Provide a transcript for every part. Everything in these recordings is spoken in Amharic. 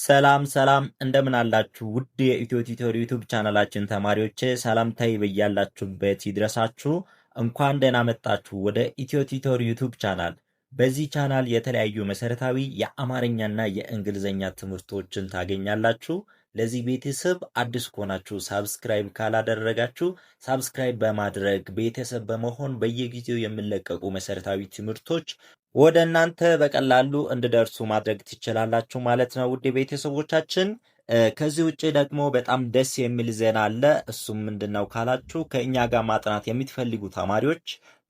ሰላም ሰላም እንደምን አላችሁ? ውድ የኢትዮ ቲቶር ዩቱብ ቻናላችን ተማሪዎች ሰላምታዬ በያላችሁበት ይድረሳችሁ። እንኳን ደህና መጣችሁ ወደ ኢትዮ ቲቶር ዩቱብ ቻናል። በዚህ ቻናል የተለያዩ መሰረታዊ የአማርኛና የእንግሊዝኛ ትምህርቶችን ታገኛላችሁ። ለዚህ ቤተሰብ አዲስ ከሆናችሁ ሳብስክራይብ ካላደረጋችሁ ሳብስክራይብ በማድረግ ቤተሰብ በመሆን በየጊዜው የሚለቀቁ መሰረታዊ ትምህርቶች ወደ እናንተ በቀላሉ እንድደርሱ ማድረግ ትችላላችሁ ማለት ነው ውድ ቤተሰቦቻችን። ከዚህ ውጭ ደግሞ በጣም ደስ የሚል ዜና አለ። እሱም ምንድን ነው ካላችሁ ከእኛ ጋር ማጥናት የምትፈልጉ ተማሪዎች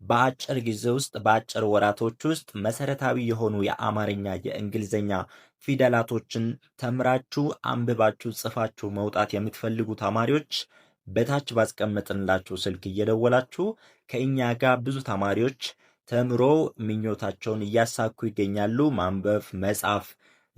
በአጭር ጊዜ ውስጥ በአጭር ወራቶች ውስጥ መሰረታዊ የሆኑ የአማርኛ የእንግሊዝኛ ፊደላቶችን ተምራችሁ አንብባችሁ ጽፋችሁ መውጣት የምትፈልጉ ተማሪዎች በታች ባስቀመጥንላችሁ ስልክ እየደወላችሁ ከእኛ ጋር ብዙ ተማሪዎች ተምሮ ምኞታቸውን እያሳኩ ይገኛሉ። ማንበብ መጻፍ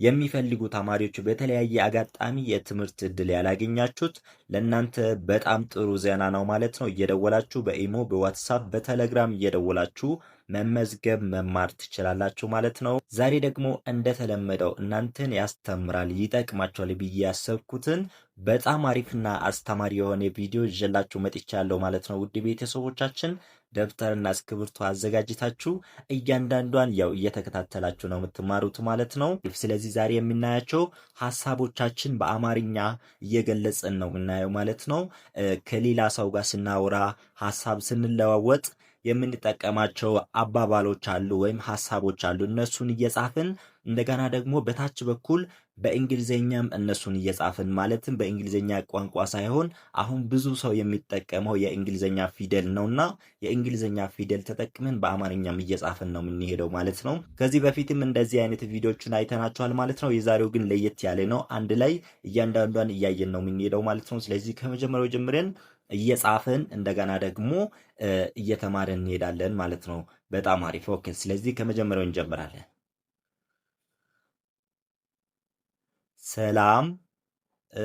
የሚፈልጉ ተማሪዎች በተለያየ አጋጣሚ የትምህርት እድል ያላገኛችሁት ለእናንተ በጣም ጥሩ ዜና ነው ማለት ነው። እየደወላችሁ በኢሞ፣ በዋትሳፕ፣ በቴሌግራም እየደወላችሁ መመዝገብ መማር ትችላላችሁ ማለት ነው። ዛሬ ደግሞ እንደተለመደው እናንተን ያስተምራል ይጠቅማችኋል ብዬ ያሰብኩትን በጣም አሪፍና አስተማሪ የሆነ ቪዲዮ ይዤላችሁ መጥቻለሁ ማለት ነው። ውድ ቤተሰቦቻችን ደብተርና እስክብርቶ አዘጋጅታችሁ እያንዳንዷን ያው እየተከታተላችሁ ነው የምትማሩት ማለት ነው። ስለዚህ ዛሬ የምናያቸው ሀሳቦቻችን በአማርኛ እየገለጽን ነው የምናየው ማለት ነው። ከሌላ ሰው ጋር ስናወራ ሀሳብ ስንለዋወጥ የምንጠቀማቸው አባባሎች አሉ ወይም ሀሳቦች አሉ። እነሱን እየጻፍን እንደገና ደግሞ በታች በኩል በእንግሊዝኛም እነሱን እየጻፍን ማለትም በእንግሊዝኛ ቋንቋ ሳይሆን አሁን ብዙ ሰው የሚጠቀመው የእንግሊዝኛ ፊደል ነውና የእንግሊዝኛ ፊደል ተጠቅመን በአማርኛም እየጻፍን ነው የምንሄደው ማለት ነው። ከዚህ በፊትም እንደዚህ አይነት ቪዲዮችን አይተናቸዋል ማለት ነው። የዛሬው ግን ለየት ያለ ነው። አንድ ላይ እያንዳንዷን እያየን ነው የምንሄደው ማለት ነው። ስለዚህ ከመጀመሪያው ጀምረን እየጻፍን እንደገና ደግሞ እየተማርን እንሄዳለን ማለት ነው። በጣም አሪፍ ኦኬ። ስለዚህ ከመጀመሪያው እንጀምራለን። ሰላም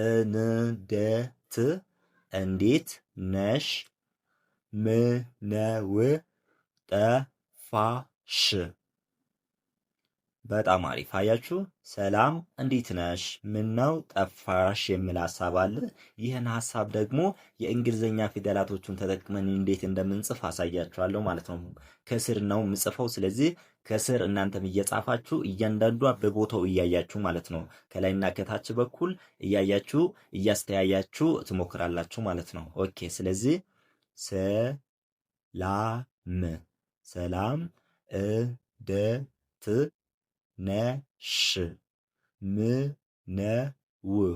እንደት እንዴት ነሽ? ምነው ጠፋሽ? በጣም አሪፍ አያችሁ። ሰላም እንዴት ነሽ? ምን ነው ጠፋሽ? የሚል ሀሳብ አለ። ይህን ሀሳብ ደግሞ የእንግሊዝኛ ፊደላቶቹን ተጠቅመን እንዴት እንደምንጽፍ አሳያችኋለሁ ማለት ነው። ከስር ነው የምጽፈው። ስለዚህ ከስር እናንተም እየጻፋችሁ እያንዳንዷ በቦታው እያያችሁ ማለት ነው። ከላይና ከታች በኩል እያያችሁ እያስተያያችሁ ትሞክራላችሁ ማለት ነው። ኦኬ። ስለዚህ ሰላም ሰላም እደት ነሽ ምነው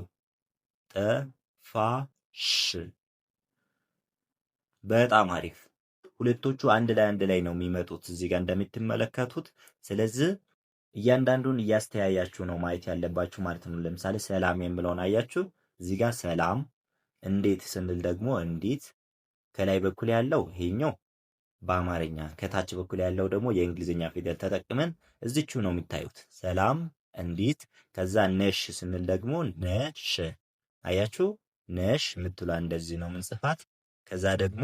ጠፋሽ? በጣም አሪፍ። ሁለቶቹ አንድ ላይ አንድ ላይ ነው የሚመጡት እዚህ ጋር እንደምትመለከቱት። ስለዚህ እያንዳንዱን እያስተያያችሁ ነው ማየት ያለባችሁ ማለት ነው። ለምሳሌ ሰላም የምለውን አያችሁ እዚህ ጋር ሰላም፣ እንዴት ስንል ደግሞ እንዴት። ከላይ በኩል ያለው ይሄኛው በአማርኛ ከታች በኩል ያለው ደግሞ የእንግሊዝኛ ፊደል ተጠቅመን እዚቹ ነው የሚታዩት። ሰላም እንዴት። ከዛ ነሽ ስንል ደግሞ ነሽ። አያችሁ ነሽ የምትሏ እንደዚህ ነው ምንጽፋት። ከዛ ደግሞ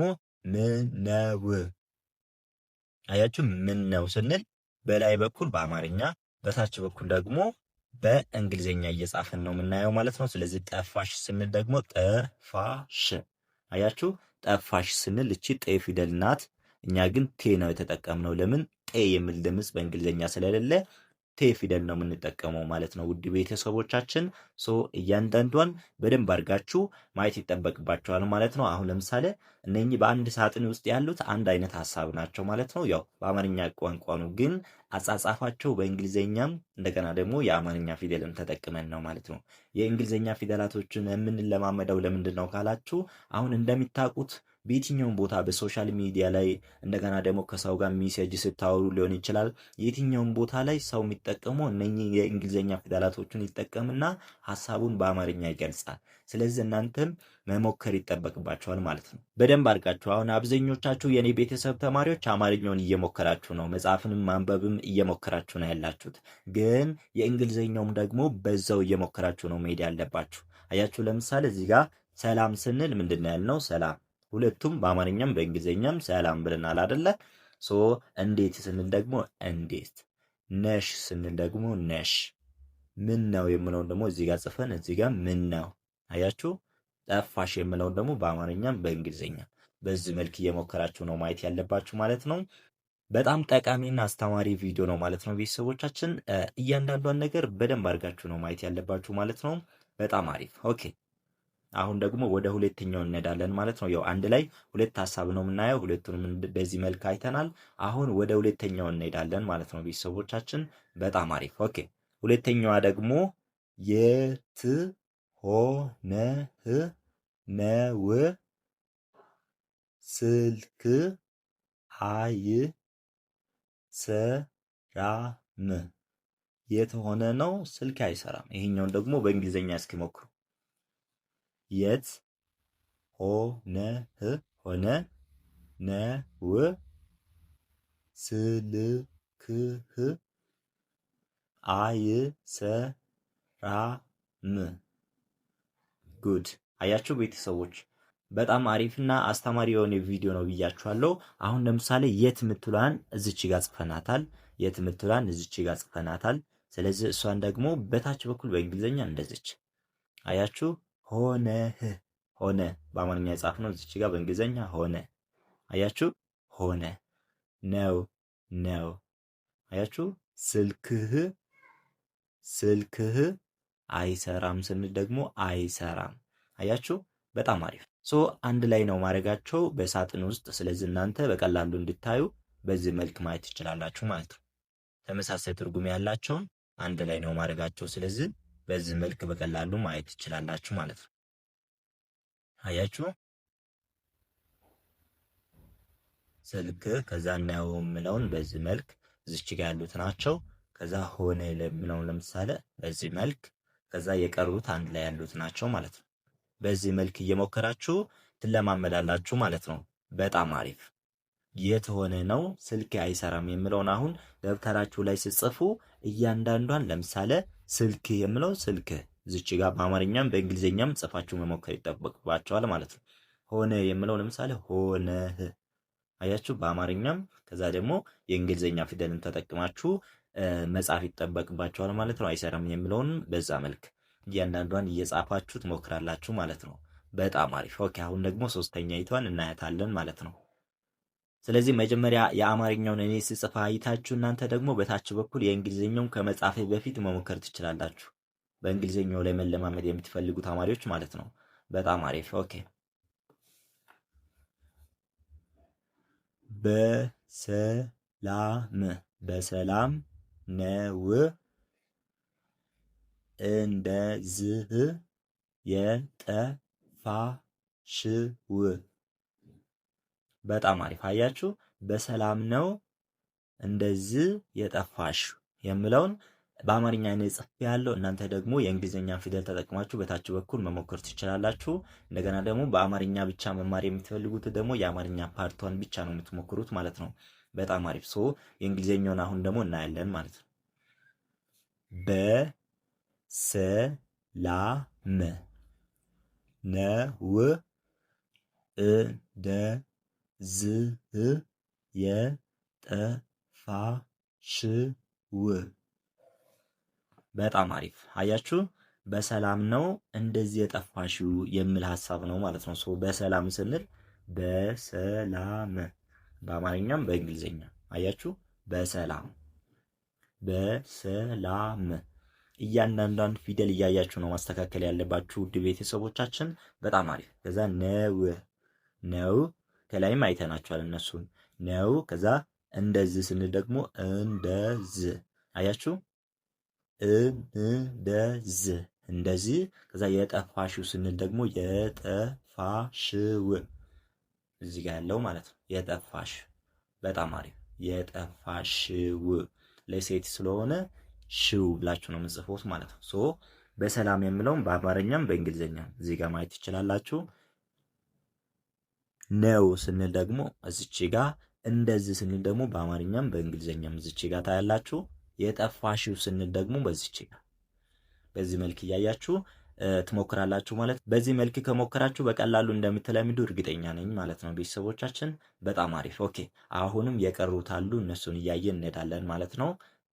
ምነው አያችሁ ምን ነው ስንል በላይ በኩል በአማርኛ በታች በኩል ደግሞ በእንግሊዝኛ እየጻፍን ነው የምናየው ማለት ነው። ስለዚህ ጠፋሽ ስንል ደግሞ ጠፋሽ አያችሁ ጠፋሽ ስንል እቺ ጤ ፊደል ናት። እኛ ግን ቴ ነው የተጠቀምነው። ለምን ጤ የሚል ድምፅ በእንግሊዝኛ ስለሌለ ቴ ፊደል ነው የምንጠቀመው ማለት ነው። ውድ ቤተሰቦቻችን ሶ እያንዳንዷን በደንብ አድርጋችሁ ማየት ይጠበቅባቸዋል ማለት ነው። አሁን ለምሳሌ እነኚህ በአንድ ሳጥን ውስጥ ያሉት አንድ አይነት ሀሳብ ናቸው ማለት ነው። ያው በአማርኛ ቋንቋ ግን አጻጻፋቸው በእንግሊዝኛም እንደገና ደግሞ የአማርኛ ፊደልን ተጠቅመን ነው ማለት ነው። የእንግሊዝኛ ፊደላቶችን የምንለማመደው ለምንድን ነው ካላችሁ አሁን እንደሚታቁት በየትኛውም ቦታ በሶሻል ሚዲያ ላይ እንደገና ደግሞ ከሰው ጋር ሚሴጅ ስታወሩ ሊሆን ይችላል። የትኛውም ቦታ ላይ ሰው የሚጠቀመው እነኚህ የእንግሊዝኛ ፊደላቶችን ይጠቀምና ሀሳቡን በአማርኛ ይገልጻል። ስለዚህ እናንተም መሞከር ይጠበቅባቸዋል ማለት ነው። በደንብ አድርጋችሁ አሁን አብዛኞቻችሁ የእኔ ቤተሰብ ተማሪዎች አማርኛውን እየሞከራችሁ ነው፣ መጽሐፍንም ማንበብም እየሞከራችሁ ነው ያላችሁት። ግን የእንግሊዝኛውም ደግሞ በዛው እየሞከራችሁ ነው መሄድ ያለባችሁ። አያችሁ፣ ለምሳሌ እዚህ ጋር ሰላም ስንል ምንድን ነው ያልነው? ሰላም ሁለቱም በአማርኛም በእንግሊዝኛም ሰላም ብለናል አይደለ? ሶ እንዴት ስንል ደግሞ እንዴት፣ ነሽ ስንል ደግሞ ነሽ። ምን ነው የምለውን ደግሞ እዚህ ጋር ጽፈን እዚህ ጋር ምን ነው አያችሁ። ጠፋሽ የምለውን ደግሞ በአማርኛም በእንግሊዝኛ በዚህ መልክ እየሞከራችሁ ነው ማየት ያለባችሁ ማለት ነው። በጣም ጠቃሚና አስተማሪ ቪዲዮ ነው ማለት ነው። ቤተሰቦቻችን እያንዳንዷን ነገር በደንብ አድርጋችሁ ነው ማየት ያለባችሁ ማለት ነው። በጣም አሪፍ ኦኬ። አሁን ደግሞ ወደ ሁለተኛው እንሄዳለን ማለት ነው። ያው አንድ ላይ ሁለት ሀሳብ ነው የምናየው። ሁለቱንም በዚህ መልክ አይተናል። አሁን ወደ ሁለተኛው እንሄዳለን ማለት ነው። ቤተሰቦቻችን በጣም አሪፍ ኦኬ። ሁለተኛዋ ደግሞ የት ሆነህ ነው ስልክ ሰራም የት ሆነ ነው ስልክ አይሰራም። ይሄኛውን ደግሞ በእንግሊዝኛ እስኪሞክሩ የት ሆነህ ሆነ ነው ስልክህ አይሰራም። ጉድ አያችሁ ቤተሰቦች፣ በጣም አሪፍና አስተማሪ የሆነ ቪዲዮ ነው ብያችኋለሁ። አሁን ለምሳሌ የት ምትሏን እዚች ጋር ጽፈናታል። የት ምትሏን እዚች ጋር ጽፈናታል። ስለዚህ እሷን ደግሞ በታች በኩል በእንግሊዝኛ እንደዚች አያችሁ ሆነህ ሆነ በአማርኛ የጻፍ ነው። እዚች ጋር በእንግሊዝኛ ሆነ። አያችሁ ሆነ ነው ነው። አያችሁ ስልክህ ስልክህ አይሰራም ስንል ደግሞ አይሰራም። አያችሁ በጣም አሪፍ። ሶ አንድ ላይ ነው ማድረጋቸው በሳጥን ውስጥ። ስለዚህ እናንተ በቀላሉ እንድታዩ በዚህ መልክ ማየት ትችላላችሁ ማለት ነው። ተመሳሳይ ትርጉም ያላቸውን አንድ ላይ ነው ማድረጋቸው። ስለዚህ በዚህ መልክ በቀላሉ ማየት ትችላላችሁ ማለት ነው። አያችሁ ስልክ ከዛ እናየው የምለውን በዚህ መልክ እዚች ጋ ያሉት ናቸው። ከዛ ሆነ የምለውን ለምሳሌ በዚህ መልክ ከዛ የቀሩት አንድ ላይ ያሉት ናቸው ማለት ነው። በዚህ መልክ እየሞከራችሁ ትለማመዳላችሁ ማለት ነው። በጣም አሪፍ የት ሆነ ነው ስልክ አይሰራም የምለውን አሁን ደብተራችሁ ላይ ስጽፉ እያንዳንዷን ለምሳሌ ስልክ የምለው ስልክ ዝች ጋር በአማርኛም በእንግሊዝኛም ጽፋችሁ መሞከር ይጠበቅባቸዋል ማለት ነው። ሆነ የምለው ለምሳሌ ሆነህ አያችሁ። በአማርኛም ከዛ ደግሞ የእንግሊዝኛ ፊደልን ተጠቅማችሁ መጻፍ ይጠበቅባቸዋል ማለት ነው። አይሰራም የምለውን በዛ መልክ እያንዳንዷን እየጻፋችሁ ትሞክራላችሁ ማለት ነው። በጣም አሪፍ ኦኬ። አሁን ደግሞ ሶስተኛ ይቷን እናያታለን ማለት ነው። ስለዚህ መጀመሪያ የአማርኛውን እኔ ስጽፋ አይታችሁ እናንተ ደግሞ በታች በኩል የእንግሊዝኛውን ከመጻፌ በፊት መሞከር ትችላላችሁ። በእንግሊዝኛው ላይ መለማመድ የምትፈልጉ ተማሪዎች ማለት ነው። በጣም አሪፍ ኦኬ። በሰላም በሰላም ነው የጠፋ የጠፋሽው በጣም አሪፍ አያችሁ። በሰላም ነው እንደዚህ የጠፋሽ የምለውን በአማርኛ አይነት ጽፍ ያለው እናንተ ደግሞ የእንግሊዝኛ ፊደል ተጠቅማችሁ በታች በኩል መሞከር ትችላላችሁ። እንደገና ደግሞ በአማርኛ ብቻ መማር የምትፈልጉት ደግሞ የአማርኛ ፓርቷን ብቻ ነው የምትሞክሩት ማለት ነው። በጣም አሪፍ ሶ የእንግሊዝኛውን አሁን ደግሞ እናያለን ማለት ነው። በሰላም ነው እንደ ዝህ የጠፋሽው በጣም አሪፍ አያችሁ። በሰላም ነው እንደዚህ የጠፋሽው የሚል ሀሳብ ነው ማለት ነው። ሰው በሰላም ስንል በሰላም በአማርኛም በእንግሊዝኛ አያችሁ። በሰላም በሰላም እያንዳንዷን ፊደል እያያችሁ ነው ማስተካከል ያለባችሁ ውድ ቤተሰቦቻችን። በጣም አሪፍ ከዛ ነው ነው ከላይም አይተናቸዋል እነሱን ነው። ከዛ እንደዚህ ስንል ደግሞ እንደዚህ አያችሁ፣ እንደዚህ እንደዚህ። ከዛ የጠፋሽው ስንል ደግሞ የጠፋሽው እዚህ ጋር ያለው ማለት ነው። የጠፋሽ በጣም አሪፍ የጠፋሽው ለሴት ስለሆነ ሽው ብላችሁ ነው የምጽፎት ማለት ነው። ሶ በሰላም የምለውም በአማርኛም በእንግሊዝኛ እዚህ ጋር ማየት ትችላላችሁ። ነው ስንል ደግሞ እዚች ጋ እንደዚህ ስንል ደግሞ በአማርኛም በእንግሊዝኛም እዚች ጋ ታያላችሁ። የጠፋሽው ስንል ደግሞ በዚች ጋ በዚህ መልክ እያያችሁ ትሞክራላችሁ ማለት ነው። በዚህ መልክ ከሞከራችሁ በቀላሉ እንደምትለምዱ እርግጠኛ ነኝ ማለት ነው። ቤተሰቦቻችን በጣም አሪፍ ኦኬ። አሁንም የቀሩት አሉ እነሱን እያየን እንሄዳለን ማለት ነው።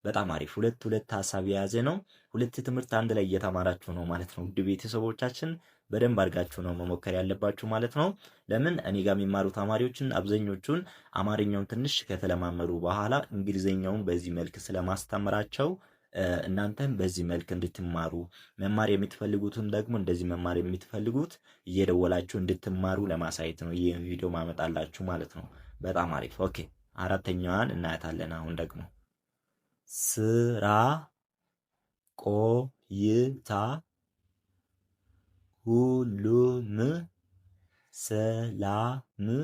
በጣም አሪፍ ሁለት ሁለት ሀሳብ የያዘ ነው። ሁለት ትምህርት አንድ ላይ እየተማራችሁ ነው ማለት ነው ውድ ቤተሰቦቻችን። በደንብ አድርጋችሁ ነው መሞከር ያለባችሁ ማለት ነው። ለምን እኔ ጋር የሚማሩ ተማሪዎችን አብዛኞቹን አማርኛውን ትንሽ ከተለማመዱ በኋላ እንግሊዝኛውን በዚህ መልክ ስለማስተምራቸው እናንተም በዚህ መልክ እንድትማሩ መማር የምትፈልጉትን ደግሞ እንደዚህ መማር የምትፈልጉት እየደወላችሁ እንድትማሩ ለማሳየት ነው ይህ ቪዲዮ ማመጣላችሁ ማለት ነው። በጣም አሪፍ ኦኬ። አራተኛዋን እናያታለን። አሁን ደግሞ ስራ ቆይታ ሁሉም ሰላም ነው።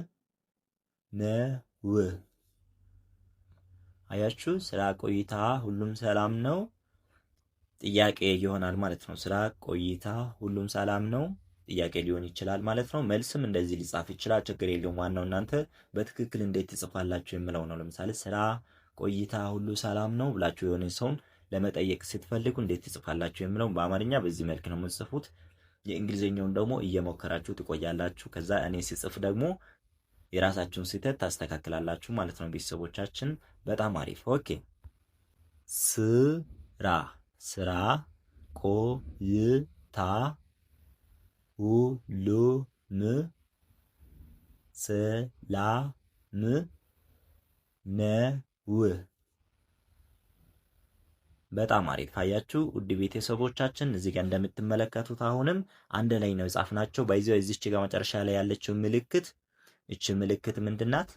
አያችሁ፣ ስራ ቆይታ ሁሉም ሰላም ነው ጥያቄ ይሆናል ማለት ነው። ስራ ቆይታ ሁሉም ሰላም ነው ጥያቄ ሊሆን ይችላል ማለት ነው። መልስም እንደዚህ ሊጻፍ ይችላል፣ ችግር የለውም። ዋናው እናንተ በትክክል እንዴት ትጽፋላችሁ የምለው ነው። ለምሳሌ ስራ ቆይታ ሁሉ ሰላም ነው ብላችሁ የሆነ ሰውን ለመጠየቅ ስትፈልጉ እንዴት ትጽፋላችሁ የምለው በአማርኛ በዚህ መልክ ነው የምትጽፉት። የእንግሊዝኛውን ደግሞ እየሞከራችሁ ትቆያላችሁ። ከዛ እኔ ስጽፍ ደግሞ የራሳችሁን ስህተት ታስተካክላላችሁ ማለት ነው። ቤተሰቦቻችን በጣም አሪፍ ኦኬ። ስራ ስራ ቆይታ ሁሉም ሰላም ነው። በጣም አሪፍ አያችሁ፣ ውድ ቤተሰቦቻችን እዚህ ጋር እንደምትመለከቱት አሁንም አንድ ላይ ነው የጻፍናቸው። ባይዘው እዚች ጋር መጨረሻ ላይ ያለችው ምልክት እች ምልክት ምንድናት?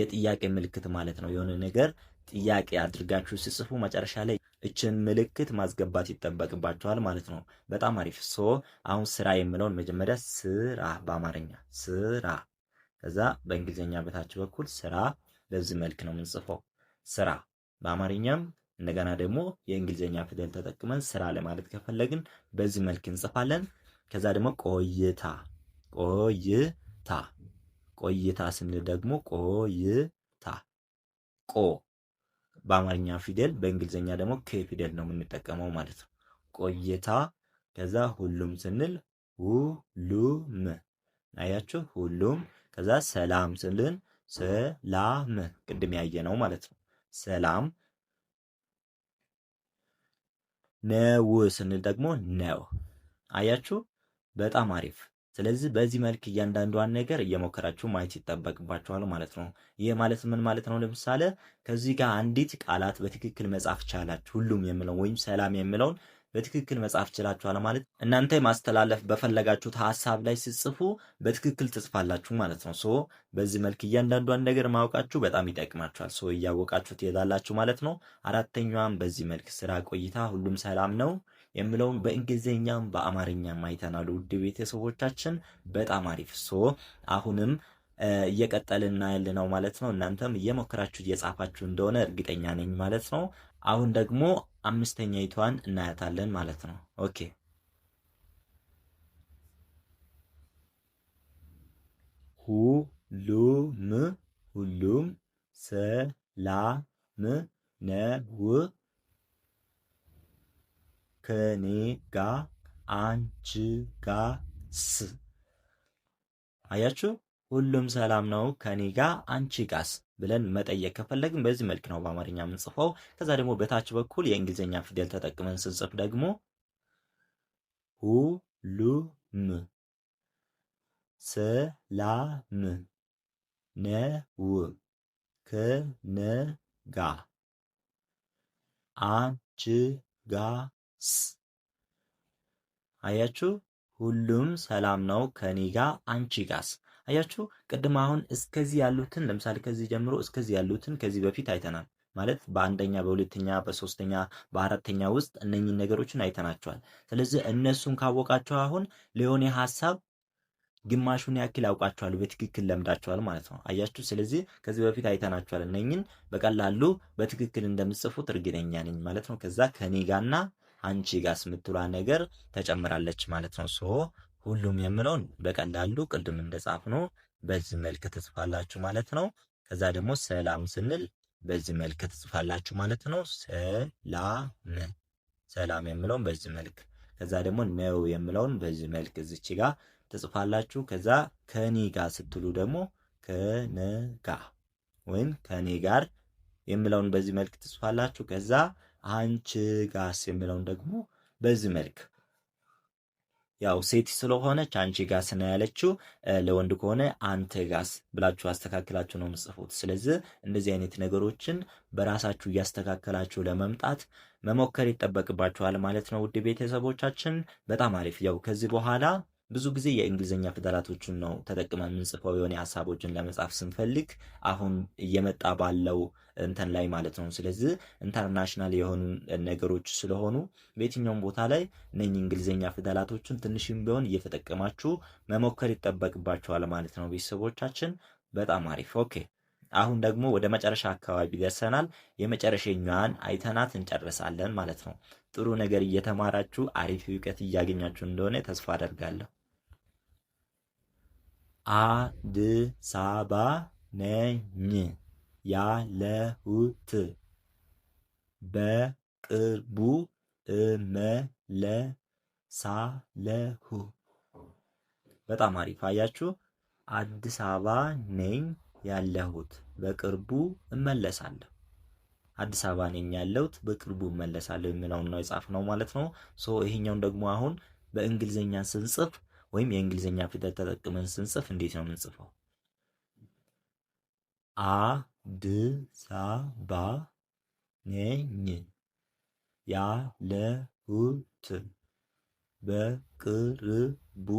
የጥያቄ ምልክት ማለት ነው። የሆነ ነገር ጥያቄ አድርጋችሁ ሲጽፉ መጨረሻ ላይ እችን ምልክት ማስገባት ይጠበቅባችኋል ማለት ነው። በጣም አሪፍ ሶ አሁን ስራ የምለውን መጀመሪያ ስራ በአማርኛ ስራ፣ ከዛ በእንግሊዝኛ በታች በኩል ስራ። በዚህ መልክ ነው የምንጽፈው ስራ በአማርኛም እንደገና ደግሞ የእንግሊዝኛ ፊደል ተጠቅመን ስራ ለማለት ከፈለግን በዚህ መልክ እንጽፋለን። ከዛ ደግሞ ቆይታ ቆይታ ቆይታ ስንል ደግሞ ቆይታ ቆ በአማርኛ ፊደል በእንግሊዝኛ ደግሞ ኬ ፊደል ነው የምንጠቀመው ማለት ነው። ቆይታ ከዛ ሁሉም ስንል ሁሉም አያችሁ፣ ሁሉም ከዛ ሰላም ስንልን ሰላም ቅድም ያየ ነው ማለት ነው። ሰላም ነው ስንል ደግሞ ነው። አያችሁ፣ በጣም አሪፍ። ስለዚህ በዚህ መልክ እያንዳንዷን ነገር እየሞከራችሁ ማየት ይጠበቅባችኋል ማለት ነው። ይህ ማለት ምን ማለት ነው? ለምሳሌ ከዚህ ጋር አንዲት ቃላት በትክክል መጻፍ ቻላችሁ ሁሉም የሚለውን ወይም ሰላም የምለውን በትክክል መጻፍ ችላችኋል ማለት እናንተ ማስተላለፍ በፈለጋችሁት ሀሳብ ላይ ስጽፉ በትክክል ትጽፋላችሁ ማለት ነው። ሶ በዚህ መልክ እያንዳንዷን ነገር ማወቃችሁ በጣም ይጠቅማችኋል። ሶ እያወቃችሁ ትሄዳላችሁ ማለት ነው። አራተኛዋም በዚህ መልክ ስራ ቆይታ ሁሉም ሰላም ነው የምለውን በእንግሊዝኛም በአማርኛም አይተናል። ውድ ቤተሰቦቻችን በጣም አሪፍ። ሶ አሁንም እየቀጠልና ያለ ነው ማለት ነው። እናንተም እየሞከራችሁ እየጻፋችሁ እንደሆነ እርግጠኛ ነኝ ማለት ነው። አሁን ደግሞ አምስተኛ ይቷን እናያታለን ማለት ነው። ኦኬ ሁሉም ሁሉም ሰላም ነው ከኔ ጋ አንቺ ጋ ስ አያችሁ ሁሉም ሰላም ነው ከኔ ጋር አንቺ ጋስ ብለን መጠየቅ ከፈለግን በዚህ መልክ ነው በአማርኛ የምንጽፈው። ከዛ ደግሞ በታች በኩል የእንግሊዝኛ ፊደል ተጠቅመን ስንጽፍ ደግሞ ሁሉም ሰላም ነው ከነጋ አንቺ ጋስ አያችሁ፣ ሁሉም ሰላም ነው ከኔ ጋር አንቺ ጋስ አያችሁ ቅድም አሁን እስከዚህ ያሉትን ለምሳሌ ከዚህ ጀምሮ እስከዚህ ያሉትን ከዚህ በፊት አይተናል። ማለት በአንደኛ፣ በሁለተኛ፣ በሶስተኛ፣ በአራተኛ ውስጥ እነኚህን ነገሮችን አይተናቸዋል። ስለዚህ እነሱን ካወቃቸው አሁን ለሆነ ሀሳብ ግማሹን ያክል ያውቃቸዋል፣ በትክክል ለምዳቸዋል ማለት ነው። አያችሁ። ስለዚህ ከዚህ በፊት አይተናቸዋል። እነኝን በቀላሉ በትክክል እንደምጽፉት እርግጠኛ ነኝ ማለት ነው። ከዛ ከኔ ጋና አንቺ ጋስ የምትሏ ነገር ተጨምራለች ማለት ነው። ሶ ሁሉም የምለውን በቀላሉ ቅድም እንደጻፍ ነው በዚህ መልክ ትጽፋላችሁ ማለት ነው። ከዛ ደግሞ ሰላም ስንል በዚህ መልክ ትጽፋላችሁ ማለት ነው። ሰላም ሰላም የምለውን በዚህ መልክ ከዛ ደግሞ ነው የምለውን በዚህ መልክ እዚች ጋ ትጽፋላችሁ። ከዛ ከኔ ጋ ስትሉ ደግሞ ከነጋ ወይም ከኔ ጋር የምለውን በዚህ መልክ ትጽፋላችሁ። ከዛ አንቺ ጋስ የምለውን ደግሞ በዚህ መልክ ያው ሴት ስለሆነች አንቺ ጋስ ነው ያለችው። ለወንድ ከሆነ አንተ ጋስ ብላችሁ አስተካክላችሁ ነው የምጽፉት። ስለዚህ እንደዚህ አይነት ነገሮችን በራሳችሁ እያስተካከላችሁ ለመምጣት መሞከር ይጠበቅባችኋል ማለት ነው ውድ ቤተሰቦቻችን። በጣም አሪፍ። ያው ከዚህ በኋላ ብዙ ጊዜ የእንግሊዝኛ ፊደላቶችን ነው ተጠቅመን የምንጽፈው የሆነ ሀሳቦችን ለመጻፍ ስንፈልግ አሁን እየመጣ ባለው እንተን ላይ ማለት ነው። ስለዚህ ኢንተርናሽናል የሆኑ ነገሮች ስለሆኑ በየትኛውም ቦታ ላይ እነኝህ እንግሊዝኛ ፊደላቶችን ትንሽም ቢሆን እየተጠቀማችሁ መሞከር ይጠበቅባችኋል ማለት ነው። ቤተሰቦቻችን በጣም አሪፍ ኦኬ። አሁን ደግሞ ወደ መጨረሻ አካባቢ ደርሰናል። የመጨረሻኛዋን አይተናት እንጨርሳለን ማለት ነው። ጥሩ ነገር እየተማራችሁ አሪፍ እውቀት እያገኛችሁ እንደሆነ ተስፋ አደርጋለሁ። አዲስ አበባ ነኝ ያለሁት። በቅርቡ እመለሳለሁ። በጣም አሪፍ አያችሁ። አዲስ አበባ ነኝ ያለሁት፣ በቅርቡ እመለሳለሁ። አዲስ አበባ ነኝ ያለሁት፣ በቅርቡ እመለሳለሁ የሚለውን ነው የጻፍነው ማለት ነው። ሶ ይሄኛውን ደግሞ አሁን በእንግሊዝኛ ስንጽፍ ወይም የእንግሊዝኛ ፊደል ተጠቅመን ስንጽፍ እንዴት ነው የምንጽፈው? አዲሳባ ነኝ ያለሁት በቅርቡ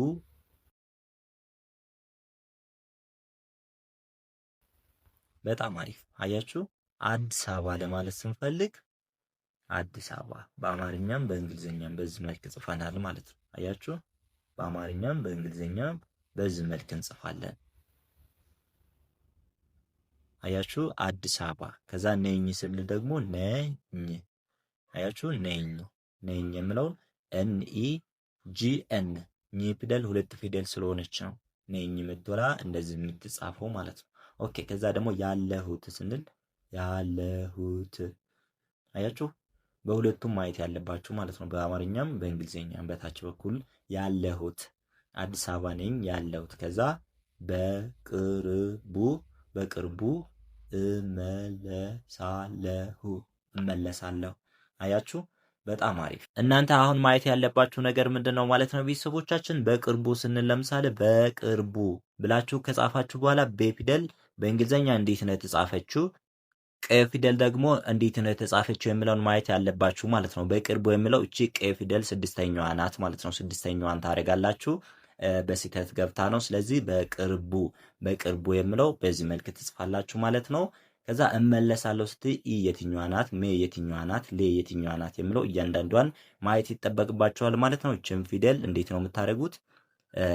በጣም አሪፍ አያችሁ። አዲስ አበባ ለማለት ስንፈልግ አዲስ አበባ በአማርኛም በእንግሊዝኛም በዚህ መልክ ጽፈናል ማለት ነው። አያችሁ። በአማርኛም በእንግሊዝኛም በዚህ መልክ እንጽፋለን። አያችሁ አዲስ አበባ። ከዛ ነኝ ስንል ደግሞ ነኝ። አያችሁ ነኝ ነኝ የምለውን ኤን ኢ ጂ ኤን ኝ ፊደል ሁለት ፊደል ስለሆነች ነው ነኝ የምትወላ እንደዚህ የምትጻፈው ማለት ነው። ኦኬ ከዛ ደግሞ ያለሁት ስንል ያለሁት አያችሁ በሁለቱም ማየት ያለባችሁ ማለት ነው። በአማርኛም በእንግሊዝኛም በታች በኩል ያለሁት አዲስ አበባ ነኝ ያለሁት። ከዛ በቅርቡ በቅርቡ እመለሳለሁ እመለሳለሁ። አያችሁ፣ በጣም አሪፍ። እናንተ አሁን ማየት ያለባችሁ ነገር ምንድን ነው ማለት ነው ቤተሰቦቻችን? በቅርቡ ስንል ለምሳሌ በቅርቡ ብላችሁ ከጻፋችሁ በኋላ በፊደል በእንግሊዝኛ እንዴት ነው የተጻፈችው ቀይ ፊደል ደግሞ እንዴት ነው የተጻፈችው የሚለውን ማየት ያለባችሁ ማለት ነው። በቅርቡ የሚለው እቺ ቀይ ፊደል ስድስተኛዋ ናት ማለት ነው። ስድስተኛዋን ታደርጋላችሁ። በስህተት ገብታ ነው። ስለዚህ በቅርቡ በቅርቡ የምለው በዚህ መልክ ትጽፋላችሁ ማለት ነው። ከዛ እመለሳለሁ ስት ኢ የትኛዋ ናት፣ ሜ የትኛዋ ናት፣ ሌ የትኛዋ ናት የምለው እያንዳንዷን ማየት ይጠበቅባችኋል ማለት ነው። እችም ፊደል እንዴት ነው የምታደርጉት?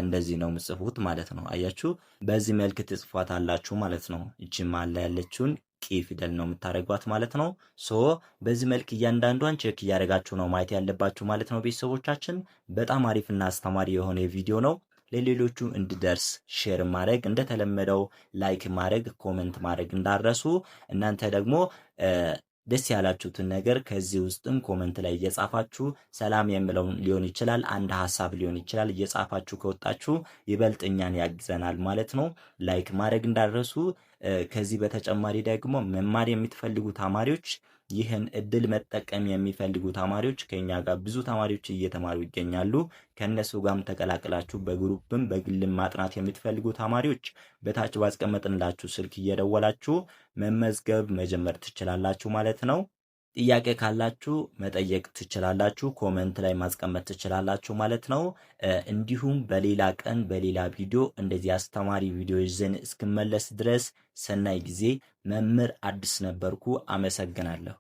እንደዚህ ነው የምጽፉት ማለት ነው። አያችሁ፣ በዚህ መልክ ትጽፏት አላችሁ ማለት ነው። እቺ ማላ ያለችውን ቂ ፊደል ነው የምታደርጓት ማለት ነው። ሶ በዚህ መልክ እያንዳንዷን ቼክ እያደረጋችሁ ነው ማየት ያለባችሁ ማለት ነው። ቤተሰቦቻችን በጣም አሪፍና አስተማሪ የሆነ ቪዲዮ ነው። ለሌሎቹ እንዲደርስ ሼር ማድረግ እንደተለመደው ላይክ ማድረግ ኮመንት ማድረግ እንዳረሱ እናንተ ደግሞ ደስ ያላችሁትን ነገር ከዚህ ውስጥም ኮመንት ላይ እየጻፋችሁ ሰላም የምለው ሊሆን ይችላል፣ አንድ ሀሳብ ሊሆን ይችላል። እየጻፋችሁ ከወጣችሁ ይበልጥ እኛን ያግዘናል ማለት ነው። ላይክ ማድረግ እንዳረሱ። ከዚህ በተጨማሪ ደግሞ መማር የምትፈልጉ ተማሪዎች ይህን እድል መጠቀም የሚፈልጉ ተማሪዎች ከኛ ጋር ብዙ ተማሪዎች እየተማሩ ይገኛሉ። ከእነሱ ጋርም ተቀላቅላችሁ በግሩፕም በግልም ማጥናት የምትፈልጉ ተማሪዎች በታች ባስቀመጥንላችሁ ስልክ እየደወላችሁ መመዝገብ መጀመር ትችላላችሁ ማለት ነው። ጥያቄ ካላችሁ መጠየቅ ትችላላችሁ፣ ኮመንት ላይ ማስቀመጥ ትችላላችሁ ማለት ነው። እንዲሁም በሌላ ቀን በሌላ ቪዲዮ እንደዚህ አስተማሪ ቪዲዮ ይዘን እስክመለስ ድረስ ሰናይ ጊዜ መምህር አዲስ ነበርኩ አመሰግናለሁ